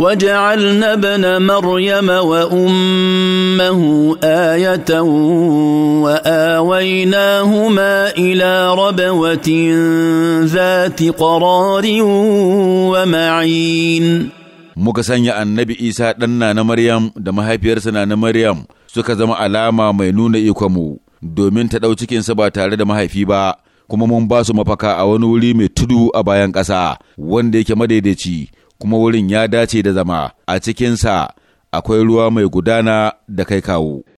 وجعلنا ابن مريم وامه ايه واويناهما الى ربوه ذات قرار ومعين muka sanya annabi isa ɗanna na maryam da mahaifiyarsa na maryam suka zama alama mai nuna ikonmu domin ta ɗau cikinsa ba tare da mahaifi ba kuma mun ba su mafaka a wani wuri mai tudu a bayan ƙasa wanda yake madaidaici kuma wurin ya dace da zama, a cikinsa akwai ruwa mai gudana da kai kawo.